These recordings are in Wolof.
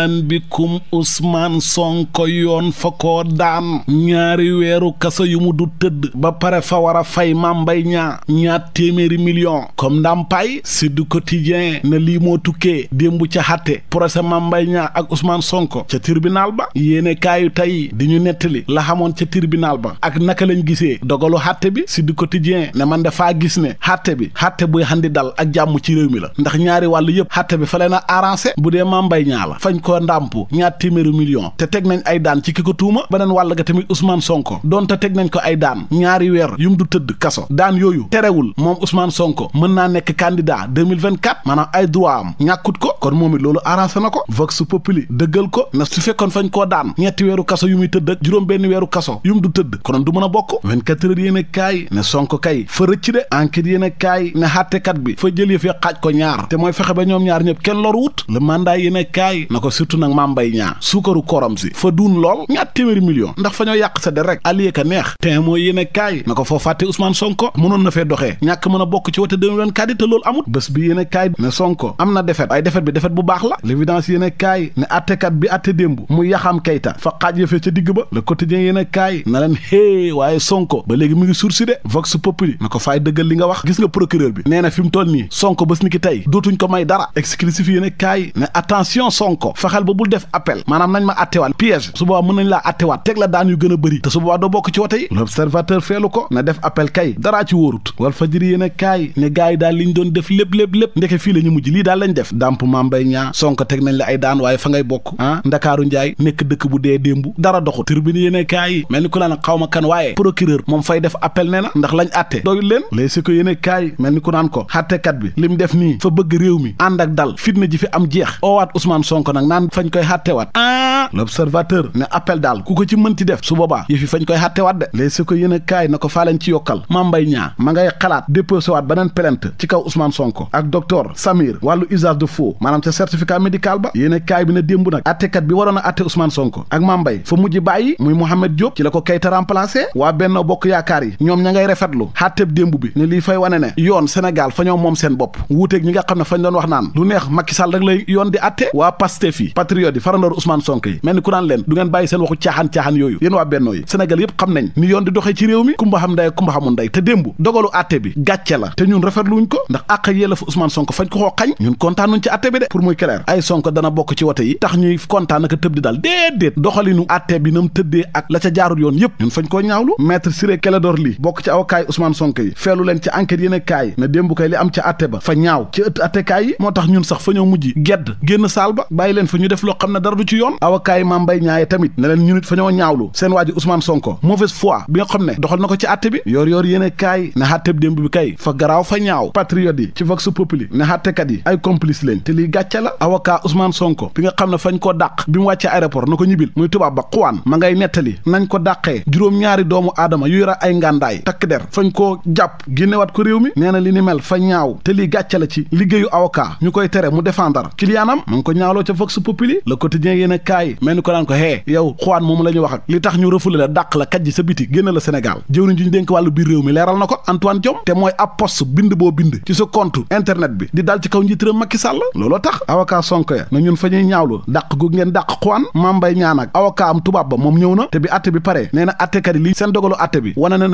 naan bikum Ousmane Sonko yoon fa koo ñaari weeru kaso yu mu du tëdd ba pare fa a fay Mame Mbaye Niang ñaar téeméeri million comme ndàmpaay Sud Quotidien ne lii moo tukkee bu ca xatte procès Mame mbay Niang ak Ousmane Sonko ca tribunal ba yéene kaayu tey di ñu nettali la xamoon ca tribunal ba ak naka lañ gisee dogalu xatte bi si Sud Quotidien ne man dafaa gis ne xatte bi xatte buy xandi dal ak jàmm ci réew mi la ndax ñaari wàll yëpp xatte bi fa leen a arrangé bu dee Mame mbay Niang la koo ndàmp ñaar téeméeri million te teg nañ ay daan ci ki ko tuuma beneen wàll ga tamit Ousmane Sonko donte teg nañ ko ay daan ñaari weer yum du tëdd kaso daan yooyu terewul moom Ousmane Sonko mën naa nekk candidat 2024 maanaam ay droit ñàkkut ko kon moom loolu arrangé na ko vox populi dëggal ko na su fekkoon fañ koo daan ñetti weeru kaso yu tëdd ak juróom benn weeru kaso yum du tëdd konoon du mën a bokk 24 heures yéen a kaay ne Sonko kay fa rëcc de enquête yéen a kaay ne xàttekat surtout nag Mame Mbaye suukaru korom si fa duun lool ñaat téeméeri million ndax fa ñoo yàq sa de rek allié ka neex te mooy yéene kaay na ko foo fàtte Ousmane Sonko mënoon na fee doxee ñàkk mën a bokk ci wote 2024 yi te loolu amut bés bi yéene kaay ne Sonko am na defet ay defet bi defet bu baax la l'évidence yéene kaay ne attekat bi atte démb mu yaxam kayta fa xaaj yëfee ca digg ba le quotidien yéene kaay na leen hée waaye Sonko ba léegi mu ngi sursi de vox populi na ko faay nga wax gis nga procureur bi nee na fi mu toll ni ki tey dootuñ ko may dara exclusif yéene kaay ne attention fexeel ba bul def maanaam nañ ma attewaat piège su boobaa a bëri te su boobaa doo bokk ci wote yi yi daal li ñu doon def lépp lépp lépp ndeke fii la ñu mujj lii daal lañ def damp mambay ñaa sonko teg nañ la ay daan waaye fa bokk ah ndakaaru njaay nekk dëkk bu dee démb dara doxut tribune yéen a kaay mel ni ku naan xaw ma kan waaye procureur moom fay def na ndax lañ atte doyul leen ko yéen a mel ni ku naan ko xattekat bi li mu def nii fa bëgg réew mi ànd ak dal fitna ji fi am jeex oowaat Ousmane Sonko nag naan fañ koy xàttewaat ah l'observateur ne appel daal ku ko ci mënti def su boobaa yëf yi fañ koy xàttewaat de léeg si ko yéen kaay na ko faa ci yokkal Mame Mbaye Niang ma ngay xalaat déposé waat beneen plainte ci kaw Ousmane Sonko ak docteur Samir wàllu usage de faux maanaam ca certificat médical ba yéen a kaay bi ne démb nag attekat bi waroon a atte Ousmane Sonko ak Mame Mbaye fa mujj bàyyi muy Mouhamed Diop ci la ko kayta remplacé waa Benno Bokk Yaakaar yi ñoom ña ngay rafetlu xàtteb démb bi ne lii fay wane ne yoon Sénégal fa moom seen bopp wuuteeg ñi nga xam ne fañ doon wax naan lu neex Macky Sall rek lay yi patriotes yi farandoor Ousmane Sonko yi mel ni ku naan leen du ngeen bàyyi seen waxu caaxaan-caaxaan yooyu yéen waa bennoo yi Sénégal yépp xam nañ ni yoon di doxee ci réew mi kumba xam nday kumba xamul nday te démb dogalu àtte bi gàcce la te ñun rafetluñ ko ndax àq ak yelleefu Ousmane Sonko fañ ko xoo xañ ñun kontaanuñ ci àtte bi de pour muy clair ay Sonko dana bokk ci wote yi tax ñuy kontaan naka tëb di dal déedéet doxalinu àtte bi nam tëddee ak la ca jaarul yoon yépp ñun koo ñaawlu maître Ciré Clédor Ly bokk ci awakaay Ousmane Sonko feelu leen ci enquête yéen kaay na démb kay li am ca àtte ba fa ñaaw ci ëtt àtte kaay yi moo tax ñun sax leen fa ñu def loo xam ne dara du ci yoon avocat yi Mame Mbaye Niang tamit ne leen ñu nit fa ñoo ñaawlu seen waa ji Ousmane Sonko mauvaise foi bi nga xam ne doxal na ko ci àtte bi yoor yoor yéen kaay ne àtteb démb bi kay fa garaaw fa ñaaw patriote yi ci vox populi ne àttekat yi ay complice lañ te liy gàcce la avocat Ousmane Sonko bi nga xam ne fañ koo dàq bi mu wàccee aéroport na ko ñibbil muy tubaab ba xuwaan ma ngay nettali nañ ko dàqee juróom-ñaari mu défendre client am populi le quotidien yéen a kaay mel ni ko naan ko hee yow xuwaan moom la wax ak li tax ñu refule la dàq la kaj sa biti génn la Sénégal jëwriñ ji ñu dénk réew mi leeral na ko Antoine Diome te mooy ab post bind boo bind ci sa compte internet bi di dal ci kaw njiitëram Macky Sall looloo tax avocat Sonko ya na ñun fa ñaawlu dàq gu ngeen dàq xuwaan mambay ñaan ak am tubaab ba moom ñëw na te bi atte bi pare nee na atte bi wane na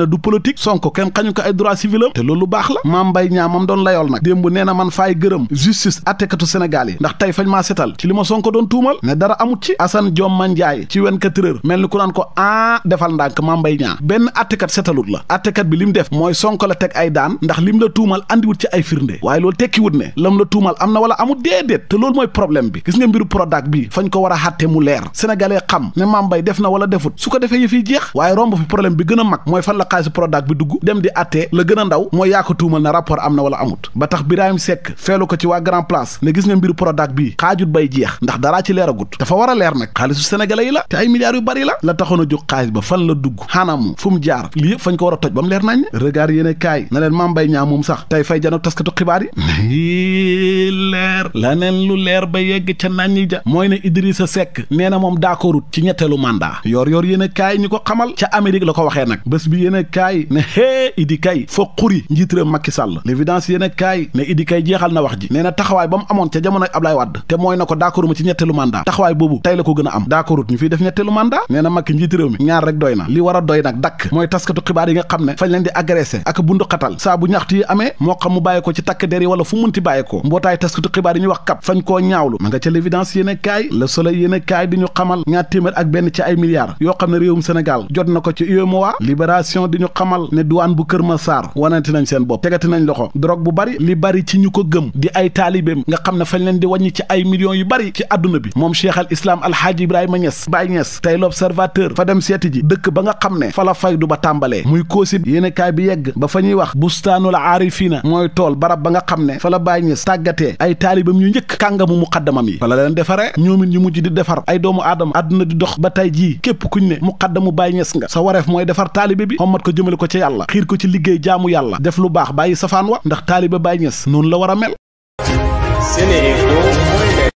Sonko doon tuumal ne dara amut ci Assane Dioma Ndiaye ci 24 heures mel ni ku naan ko ah defal ndànk Mame Mbaye benn attekat setalut la attekat bi li mu def mooy Sonko la teg ay daan ndax lim la tuumal andiwut ci ay firnde waaye loolu tekkiwut ne lam la tuumal am na wala amut déedéet te loolu mooy problème bi gis nga mbiru Prodac bi fañ ko war a xàtte mu leer sénégalais xam ne Mame def na wala defut su ko defee yëf yi jeex waaye romb fi problème bi gën a mag mooy la xaalisu Prodac bi dugg dem di attee la gën ndaw mooy yaa ko tuumal ne am na wala amut ba tax Birahim Seck feelu ko ci waa Grand gis nga mbiru Prodac bi xaajut bay jeex ndax daraa ci leer dafa war a leer nag xaalisu sénégalais yi la te ay milliards yu bari la la taxoon a jóg xaalis ba fan la dugg xanamu fu mu jaar lii yëpp fañ ko war a toj ba mu leer nañ regard yéene kaay na leen maam bay ñaa moom sax tey fay jano taskatu xibaar yi leer la neen lu leer ba yegg ca naññi ja mooy ne sa Seck nee na moom d'accordut ci ñetteelu mandat yoor yoor yéene kaay ñu ko xamal ca Amérique la ko waxee nag bés bi yéene kaay ne hee idi kay foo xuri njiit réew Macky Sall l'évidence yéene na wax ji nee ba mu amoon ca jamonoy Ablaye ci ñetteelu mandat taxawaay boobu tey la ko gën a am d'accordut ñu fiy def ñetteelu mandat nee na Macky njiitu réew mi ñaar rek doy na li war a doy nag dakk mooy taskatu xibaar yi nga xam ne fañ leen di agressé ak bundu xatal saa bu ñaxtu yi amee moo xam mu bàyyi ko ci takk der yi wala fu munti bàyyi ko mbootaay taskatu xibaar yi ñuy wax kap fañ koo ñaawlu ma ca l'évidence yéen kaay le soleil yéen kaay di ñu xamal ñaar téeméer ak benn ci ay milliards na ko ci UEMOA libération di ñu xamal ne douane bu Kër Massar nga xam ne fañ leen di wàññi ci ay millions yu bari àdduna bi moom cheikh islaam islam alhaaji ibrahima ñes Baye ñes tey l'observateur fa dem seeti ji dëkk ba nga xam ne fa la faydu ba tàmbalee muy koosi yenekaay bi yegg ba fa ñuy wax bustaanul aarifina mooy tool barab ba nga xam ne fa la Baye ñes tàggatee ay taalibam yu njëkk kàngamu muqaddamam yi fa la leen defaree ñoomit ñu mujj di defar ay doomu aadama àdduna di dox ba tey jii képp kuñ ne muqaddamu Baye ñes nga sa wareef mooy defar taalibe bi xommat ko jëmale ko ci yàlla xiir ko ci liggéey jaamu yàlla def lu baax bàyyi safaan wa ndax taalibe Baye ñes noonu la war a mel